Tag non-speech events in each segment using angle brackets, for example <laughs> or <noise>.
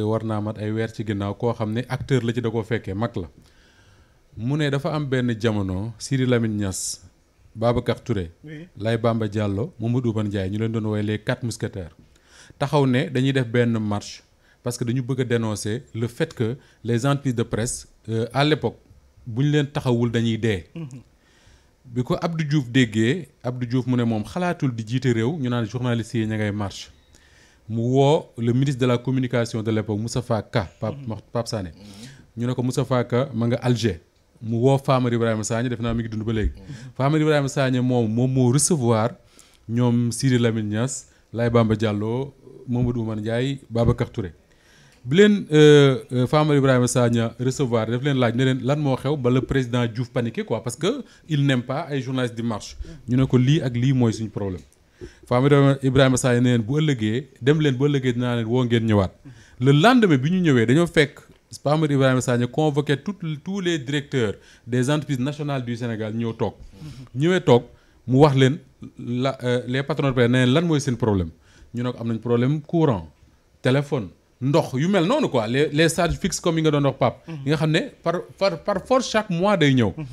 war naa mat ay weer ci ginnaaw koo xam ne acteur la ci da koo fekkee mag la mu ne dafa am benn jamono Siri Lamine Niass Babacar Touré Lay Bamba Diallo Mamadou Ban Ndiaye ñu leen doon woy les quatre mousquetaires taxaw ne dañuy def benn marche parce que dañu bëgg a dénoncer le fait que les entreprises de presse euh, à l'époque bu ñu leen taxawul dañuy dee mhm. bi ko Abdou Diouf déggee Abdou Diouf mu ne moom xalaatul di jiite réew ñu naan journaliste yi ña ngay marche mu woo le ministre de la communication de l'époque Moustapha Ka Pape mm-hmm. Pape Sané mm-hmm. ñu ne ko Moustapha Ka ma nga Alger mu woo faamari Ibrahima Sagna def naa mi ngi dund ba léegi mm-hmm. Famara Ibrahima Sagna moom moom moo recevoir ñoom Sidi Lamine Niass Laye Bamba Diallo Mamadou Oumar Ndiaye Babacar Touré bi leen euh, euh, Famara Ibrahima Sagna recevoir daf leen laaj ne leen lan moo xew ba le président Diouf paniqué quoi parce que il n'aime pas ay journalistes di marche ñu ne ko lii ak lii mooy suñu problème femme bi Ibrahima Sall ne leen bu ëllëgee dem leen bu ëllëgee dinaa leen woo ngeen ñëwaat le lendemain bi ñu ñëwee dañoo fekk Pape Ibrahima Sagna convoqué tout tous les directeurs des entreprises nationales du Sénégal ñëw toog ñëwee toog mu wax leen la euh, les patrons de presse ne lan mooy seen problème ñu ne ko am nañ problème courant téléphone ndox yu mel noonu quoi les les charges fixes comme yi nga doon wax Pape. yi mhm. nga xam ne par par par force chaque mois day ñëw mhm.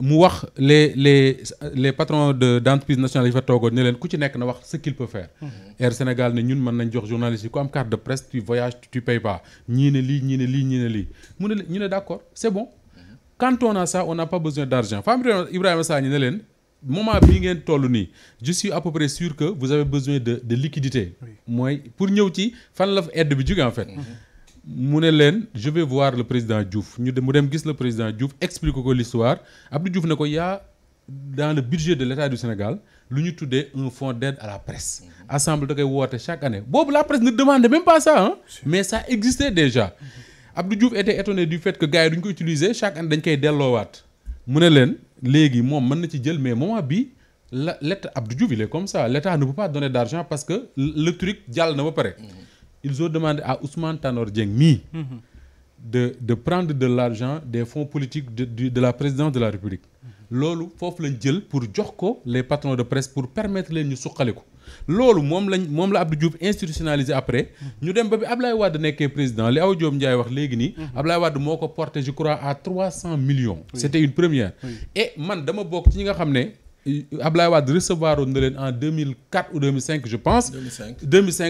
mu wax les les les patrons de d' entreprise nationale yi fa toogoon ne leen ku ci nekk na wax ce qu'il peut faire. Mhm. Air Sénégal ne ñun mën nañ jox journaliste yi ku am carte de presse tu voyages tu payes pas ñii ne lii ñii lii ñii ne lii mu ne ñu ne d' accord c' est bon. Mhm. quand on a ça on n'a pas besoin d' argent Fahmi Ibrahima Sagna ne leen moment bii ngeen toll nii je suis à peu près sûr que vous avez besoin de de liquidité. mooy pour ñëw ci fan la fa aide en fait. Mhm. mu ne leen je vais voir le président Diouf ñu mu dem gis la président Diouf explique ko l'histoire Abdou Diouf ne ko yaa dans le budget de l'État du Sénégal lu ñu tuddee un fonds d'aide à la presse mhm. assemblée da koy woote chaque année boobu la presse ne demande même pas ça hein mais ça existait déjà mhm. Abdou Diouf était étonné du fait que gars yi duñ ko utiliser chaque année dañ koy waat mu ne leen léegi moom mën na ci jël mais moment bi la l'État Abdou Diouf il est comme ça l'État ne peut pas donner parce que le truc jàll na ba pare mhm. ils ont demandé à Ousmane Tanor Dieng mii. Mhm. de de prendre de l'argent des fonds politiques de de, la présidence de la République. Mhm. loolu foofu lañ jël pour jox ko les patrons de presse pour permettre leen ñu suqaliku. loolu moom lañ moom la Abdou Diouf institutionnalisé après mhm. ñu dem ba bi Ablaye Wade nekkee président li aw Diop Ndiaye wax léegi nii. Ablaye Wade moo ko porté je crois à trois cent millions. Oui. c'était une première. Oui. et man dama bokk ci ñi nga xam ne. Ablaye Wade recevoir woon na leen en je pense.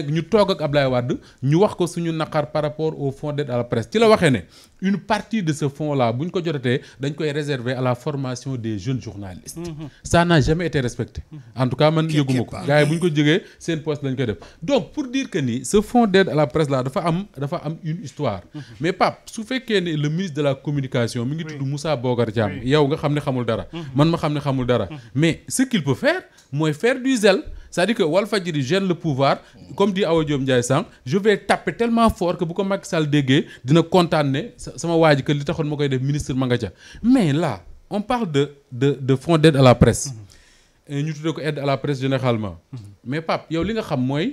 ñu toog ak Ablaye Wade ñu wax ko suñu naqar par rapport au fonds d'aide à la presse ci la waxee ne une partie de ce fonds là bu ñu ko jotatee dañ koy réserver à la formation des jeunes journalistes. Mm-hmm. ça n'a jamais été respecté. en tout cas man yëguma ko gars yi ko jógee seen poste lañ koy def donc pour dire que ni ce fonds d'aide à la presse là dafa am dafa am une histoire. Mm-hmm. mais Pape su fekkee ne le ministre de la communication. mi ngi tudd Moussa Bocar Thiam. yow nga ne xamul dara. Mm-hmm. ma xam ne xamul dara. mais ce qu'il peut faire mooy faire du zèle cest dire que Walfadjri gèle le pouvoir comme dit Awa Diop Ndiaye sànq je vais taper tellement fort que bu ko Macky Sall déggee dina kontaan ne sama waa ji li taxoon ma koy def ministre ma nga ca mais là on parle de de de fonds d'aide à la presse euh, ñu tuddee ko aide à la presse généralement mais Pape yow li nga xam mooy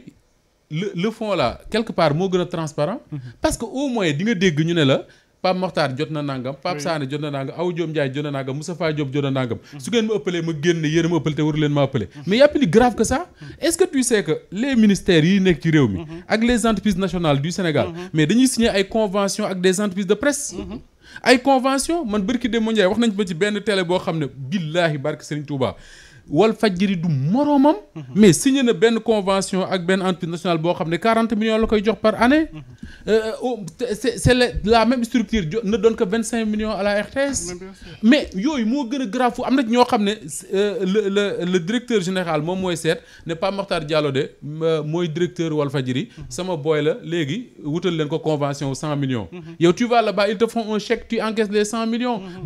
le le fonds là quelque part moo gën a transparent mm-hmm. parce que au moins di dégg ñu ne la Pape Mokhtar jot na nangam Pape Sané jot na nangam Aw Diom Ndiaye jot na nangam Moustapha jot na nangam su ngeen ma ëppalee ma génn yéen a ma ëppale te waru leen ma ëppale mais y a grave que ça est-ce que tu yi nekk ci réew mi ak les entreprises nationales du Sénégal mhm. mais dañuy signer ay convention ak des entreprises de presse mhm. ay convention man bërki de Ndiaye wax nañ ba ci benn télé boo xam ne billaahi barke Serigne Touba wal fajjiri mhm. mais signé na benn convention ak benn entreprise nationale boo xam ne 40 millions la koy jox par année Euh, oh, c'est c'est la même structure ne donne que vingt cinq millions à la RTS mais yooyu moo gën a grave fu am na ñoo xam ne euh, le le le directeur général moom mooy seet ne Pape Makhtar Diallo de euh, mooy directeur Walfadjiri mhm. sama booy la léegi wutal leen ko convention cent millions mhm. yow tu vas là-bas ils te font un chèque tu encaisses mhm.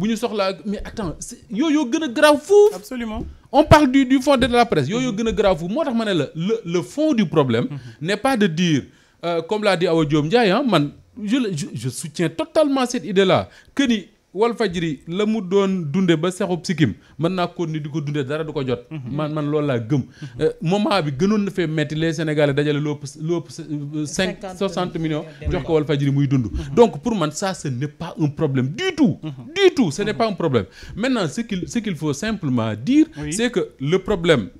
mais attends yooyu gën a grave foofu absolument on parle du du fond de la presse gën a moo tax ma ne la le le fond du problème n'est pas de dire Euh, comme l'a di Awa Diom Ndiaye ah man je je soutiens totalement cette idée la que ni Walfadjri la mu doon dunde ba sexub sikkim mën naa koon ni di ko dunde dara du ko jot. Mhm. man man loolu laa gëm. Mhm. Euh, moment bi gënoon na fee metti les Sénégalais dajale lu ëpp lu ëpp cinq soixante millions jox ko Walfadjri muy dund. Mhm. donc pour man ça ce n'est pas un problème du tout. du tout ce n'est pas un problème maintenant ce qu'il ce qu'il faut simplement dire. c'est que le problème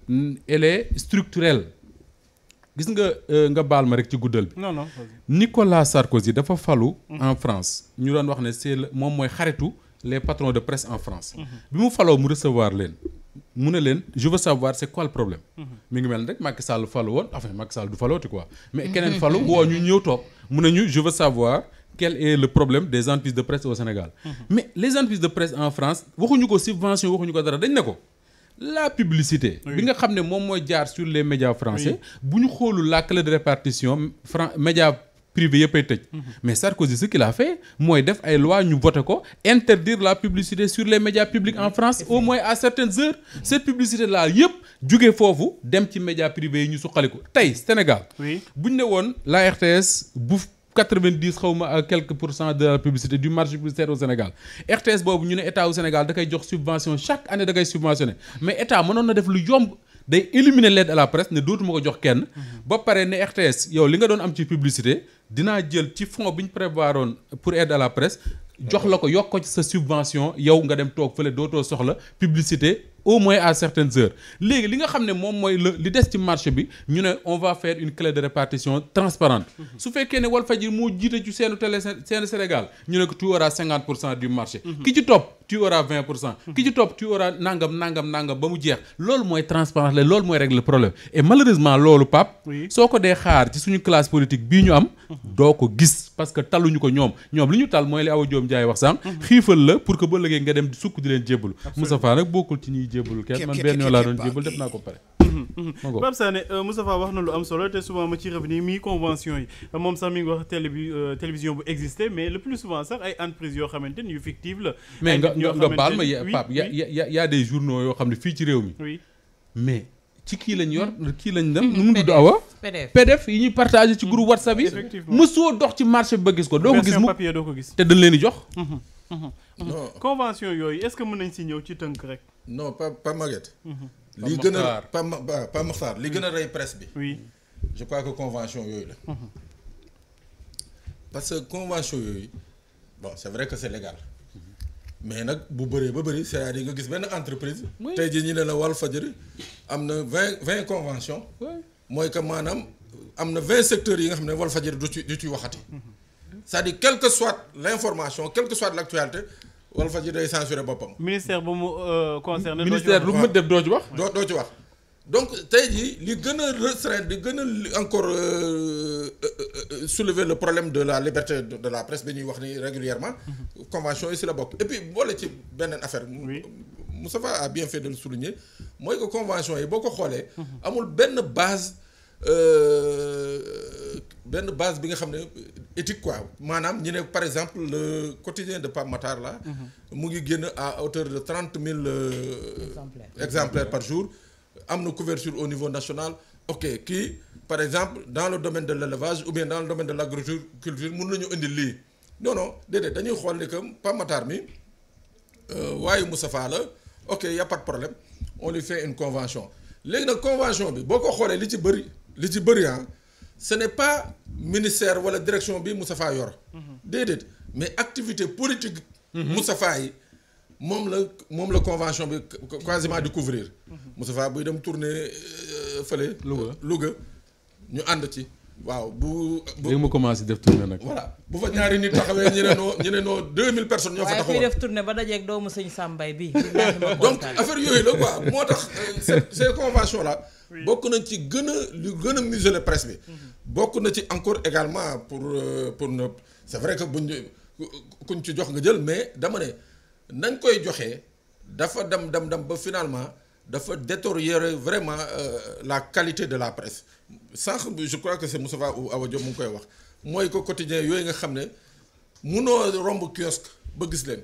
elle est structurel. gis nga euh, nga baal ma rek ci guddal bi. non non Nicolas Sarkozy dafa falu. Mhm. en France ñu doon wax ne c'est moom mooy xaritu les patrons de presse en France. Mhm. bi mu faloo mu recevoir leen. mu ne leen je savoir c'est quoi problème. Mhm. mi ngi mel ni rek Macky Sall falu woon enfin Macky Sall du falooti quoi. mais keneen falu woo ñu ñëw toog mu ne ñu je savoir. quel est le problème des entreprises de presse au Sénégal. mais les entreprises de presse en France waxuñu ko subvention la publicité. bi nga xam ne moom mooy jaar sur les médias français. bu ñu xoolul la clé de répartition fran média privé yëppay tëj. Mhm. mais Sarkozy ce qu'il a mooy def ay loi ñu voté ko interdire la publicité sur les médias publics en France au moins à certaines heures. Mhm. cette publicité là yëpp jóge foofu dem ci média privés yi ñu ko tey Sénégal. buñ ne woon la RTS quatre vingt xaw ma quelques pour cent de la publicité du marché publicitaire au Sénégal RTS boobu ñu ne état au Sénégal da koy jox subvention chaque année da koy subventionné mais état mënoon na def lu yomb day éliminer l'aide à la presse ne dootuma ko jox kenn. ba pare ne RTS yow li nga doon am ci publicité dinaa jël ci fonds bi ñu prévoiroon pour aide à la presse jox la ko yokk ko sa subvention yow nga dem toog fële dootoo soxla publicité. au moins à certaines heures léegi li nga xam ne moom mooy la li des ci marché bi ñu ne on va faire une clé de répartition transparente mhm. su fekkee ne Walfadjri moo jiite ci seenu télé Sénégal ñu ne ko tu auras cinquante pour cent du marché mhm. ki ci topp tu auras vingt pour cent mhm. ki ci topp tu auras nangam nangam nangam ba mu jeex loolu mooy transparence la loolu mooy régler problème et malheureusement loolu Pape soo ko dee xaar ci suñu classe politique bii ñu am doo ko gis parce que taluñu ñoom ñoom li ñu tal mooy li Awa jébul kenn man benn yoon laa doon jébul def naa ko pare Pape Sané euh, Moustapha wax na lu am solo te souvent ma ci revenir mi convention yi moom sax mi ngi wax euh, télévision bu existé mais nga nga baal ma Pape y a y a journaux yoo xam ne fii ci réew mi mais ci kii lañ yor mm-hmm. kii lañ dem mm-hmm. nu mu tudd awa pdf yi ñuy partagé ci mm-hmm. groupe whatsapp yi mësoo dox ci marché ba gis ko doo ko gis te dañ di jox convention yooyu est-ce nañ si ñëw ci tënk rek non pas pas Maguette. Mhm. li gën a Pa Pa Maxtaar li mhm. gën a rey presse bi. oui je crois que convention yooyu la. Mhm. parce que convention yooyu bon c'est vrai que c'est légal. mais nag bu bëree ba bëri c'est-à-dire nga gis benn entreprise. tey jii ñu ne la Walfadjri am na vingt vingt convention mooy que maanaam am na vingt secteurs yi nga xam ne Walfadjri du ci du ci waxati. c'est-à-dire quelle que soit l'information quelle que soit l'actualité. wala fa ji doy censuré boppam. ministère bu mu euh, concerné. ministère lu mu def doo ci wax. doo doo ci wax donc tey ji li gën a restreindre di gën a encore euh, euh, soulever le problème de la liberté de la presse bi ñuy wax ni régulièrement mhm. convention yi si la bokk et puis boole ci beneen affaire. oui Moustapha a bien fait de le souligner mooy que convention yi boo ko xoolee. Mhm. amul benn base benn base bi nga xam ne. éthique quoi maanaam ñu ne par exemple le quotidien de Pape la là. Mhm. mu ngi génn à hauteur de trent mille. Euh, exemplaires par jour. am na couverture au niveau national ok kii par exemple dans le domaine de l'élevage ou bien dans le domaine de l'agriculture mun nañu indi lii non non déedéet dañuy xool ni que Pape Matar waaye euh, waayu Moustapha la ok y pas problème on lui fait une convention léegi nag convention bi boo ko xoolee li ci bëri li ci bëri ah. ce n'est pas ministère wala direction bi Moustapha yor mhm. déedéet mais activité politique mhm. Moustapha yi moom la moom la convention bi quasiment di couvrir mhm. Moustapha buy dem tourner euh, fële Louga Louga ñu ànd ci waaw bu bu léegi mu commencé def tournée nag. voilà bu fa ñaari nit taxawee ñu ne noo ñu ne noo 2000 personnes. ñoo fa taxawoon waaye kuy def tournée ba dajeeg doomu sëñ Sambay bi <laughs> donc affaire yooyu la quoi moo tax euh, ces conventions là. bokk nañ ci gën a lu gën a museler presse bi. Mhm. bokk na ci encore également pour euh, pour ne c'est vrai que bu buñ kuñ ci jox nga jël mais dama ne nañ koy joxee dafa dam dem dam ba finalement. dafa détériorer vraiment euh, la qualité de la presse sànq je crois que c'est Moustapha ou Awa Diop mu ngi koy wax mooy ko quotidien yooyu nga xam ne munoo romb kiosque ba gis leen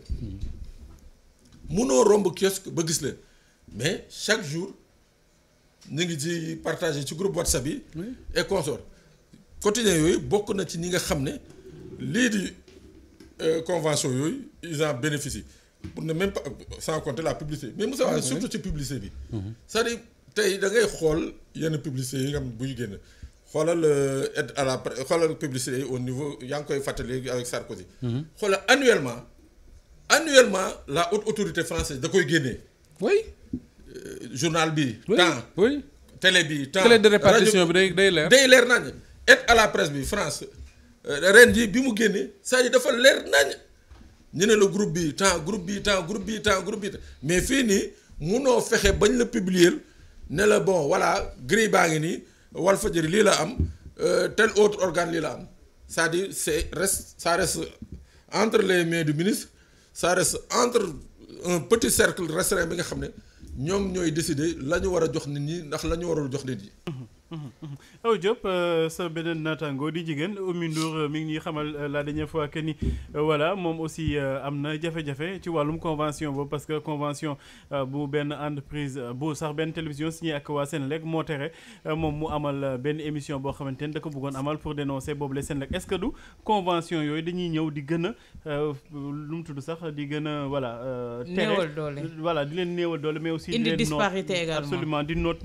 munoo romb kiosque ba gis leen mais chaque jour ñu ngi ci yi ci groupe WhatsApp yi et consort quotidien yooyu bokk na ci ni nga xam ne lii di euh, convention yooyu ils en bénéficient pour ne même pas sans compter la publicité mais Moussa Wade ah surtout ci publicité bi. Mhm. cest à tey dangay xool yenn publicité yi nga xam buy génn xoolal euh, aide à la presse xoolal publicité yi au niveau yaa ngi koy fàttali avec Sarkozy. Mhm. xoolal annuellement annuellement la haute autorité française da koy génnee. oui. Euh, journal bi. oui temps oui. bi temps télé de répartition bi day day leer. day leer nañ aide à la presse bi France euh, ren jii bi mu génnee c'est-à-dire dafa leer nañ. ñu ne la groupe bi temps groupe bi temps groupe bi temps groupe bi mais fii nii munoo fexe bañ la publier ne la bon voilà grille baa ngi nii Walfadjri lii la am euh, tel autre organe lii la am cest di dire res reste ça entre les mais de ministre ça reste entre un petit cercle restreint bi nga xam ne ñoom ñooy décider la war a jox nit ñi ndax la ñu warul jox nit ñi mm-hmm. aw mm-hmm. oh, Diop euh, sa beneen naataango di jigéen Oumy Ndour euh, mi ngi xamal euh, la dernière fois que ni voilà moom aussi am na jafe-jafe ci wàllum convention boobu parce que convention bu benn entreprise bu sax benn télévision signé ak waa Senelec moo tere moom mu amal benn émission boo xamante ni da ko bëggoon amal pour dénoncer boobu la Senelec est-ce du convention yooyu dañuy ñëw di gën a tudd sax di gën a voilà. néewal doole tere voilà di leen néewal doole mais aussi. di noot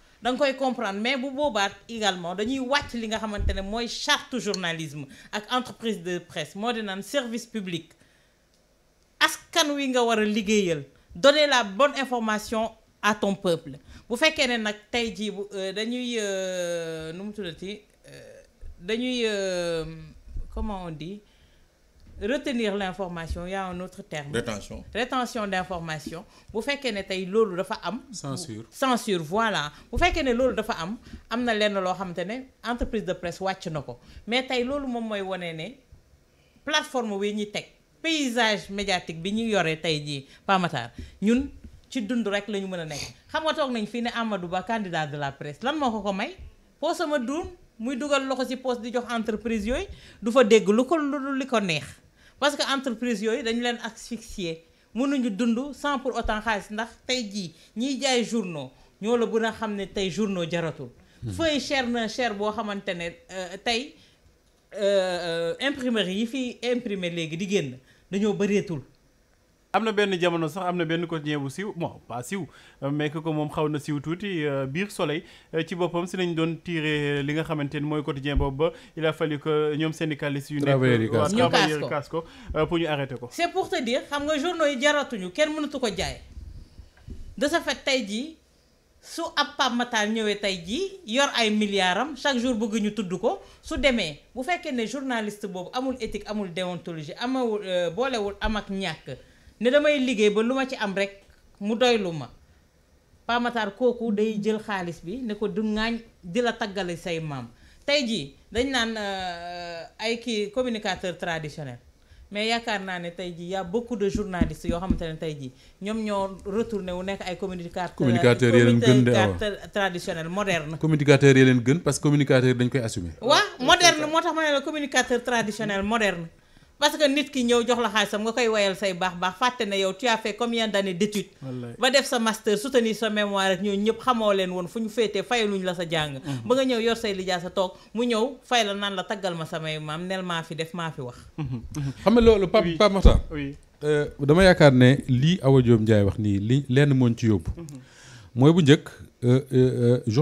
da nga koy comprendre mais bu boobaat également dañuy wàcc li nga xamante ne mooy charte journalisme ak entreprise de presse moo di naan service public askan wi nga war a liggéeyal donner la bonne information à ton peuple bu fekkee ne nag tey jii bu euh, dañuy euh, nu mu tuddati euh, dañuy comment on di retenir l'information y a un autre terme. rétention rétention bu fekkee ne tey loolu dafa am. censure censure voilà bu fekkee ne loolu dafa am am na lenn loo xamante ne entreprise de presse wàcc na ko mais tey loolu moom mooy wane ne plateforme bi ñuy teg paysage médiatique bi ñu yore tey jii Pamatar ñun ci dund rek la ñu mën a nekk xam nga toog nañ fii ne Amadou Ba candidat de la presse lan moo ko ko may foo sama duun muy dugal loxo ci poste di jox entreprise yooyu du fa dégg lu ko lu li ko neex. parce que entreprise yooyu dañu leen asphyxier mënuñu dund sans pour autant xaalis ndax tey jii ñiy jaay journaux ñoo la gën a xam ne tey journaux jaratul. Hmm. feuille cher na cher boo xamante ne euh, tey euh, euh, imprimerie yi fi imprimer léegi di génn dañoo bëreetul. am na benn jamono sax am na benn quotidien bu siw bon pas siw mais que ko moom xaw na siw tuuti euh, biir soleil euh, ci boppam si nañ doon tiré li nga xamante ni mooy quotidien boobu ba il a fallu que ñoom syndicalistes yu nekk waa travailleurs kaas ko euh, pour ñu arrêté ko c'est pour te dire xam nga journaux yi jaratuñu kenn mënatu ko jaay de ce fait tey jii su ab Pape ñëwee tey jii yor ay milliards am chaque jour bëgg ñu tudd ko su demee bu fekkee ne journaliste boobu amul éthique amul déontologie amawul boolewul am ak ñàkk ne damay liggéey ba lu ma ci am rek mu doy lu ma pamatar kooku day jël xaalis bi ne ko du ŋaañ di la taggale say maam tey jii dañ naan euh, ay kii communicateur traditionnel mais yaakaar naa ne tey jii y' a beaucoup de journalistes yoo xamante ne tey ji ñoom ñoo retourné wu nekk ay communicateur communicateur yee leen gën de traditionnel moderne communicateur yee leen gën parce que communicateur dañ koy assumer waaw moderne moo tax ma ne la communicateur traditionnel moderne parce que nit ki ñëw jox la xaalisam nga koy wayal say baax baax fàtte na yow tu as fait combien d'années ba def sa master soutenir sa mémoire ak ñoo ñëpp xamoo leen woon fu ñu féetee fayaluñ la sa jàng mhm. ba nga ñëw yor say lijaa sa toog mu ñëw fay naan la taggal ma samay maam nel maa fi def maa fi wax mhm. Mhm. xam nga loolu Pape Pape Makhtar euh, dama yaakaar ne lii Awa Diop wax nii li lenn moon ci yóbbu mooy bu njëkk euh, euh,